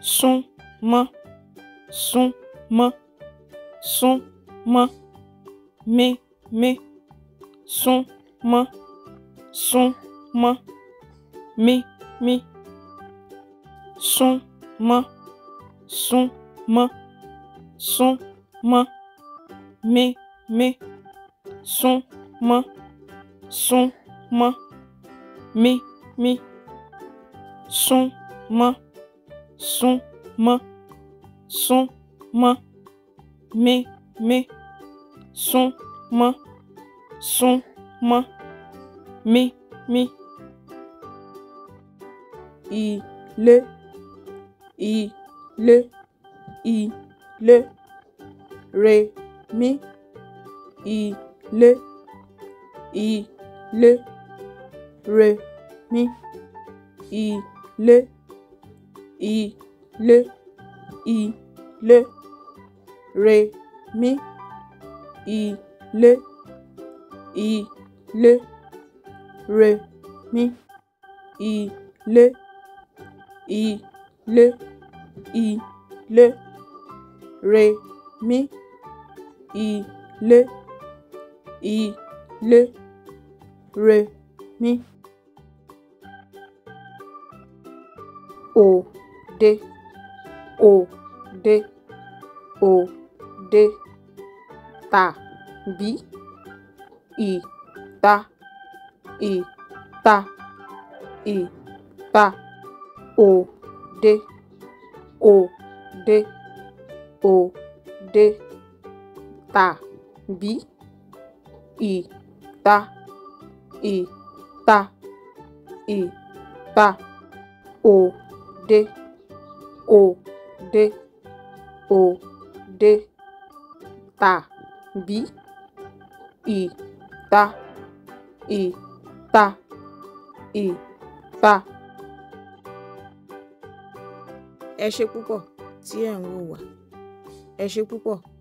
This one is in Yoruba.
súnmọ́ súnmọ́ súnmọ́ mímí súnmọ́ súnmọ́ mímí súnmọ́ súnmọ́ súnmọ́ mímí súnmọ́ súnmọ́ mímí súnmọ́ sún mọ́ sún mọ́ mí mí sún mọ́ sún mọ́ mí mí. ilé ilé ilé re mí ilé ilé re mí ilé. I le I le re le ilé ilé re I le I le re mí ilé ilé re mí. ò dé o dé ò dé o de, ìta ìta òde òde i, tàbí i, ìta o, de. O O òde òde I ìta I ìta. ẹ ṣé púpọ̀ tí ẹ̀ ń wò wá ẹ ṣé púpọ̀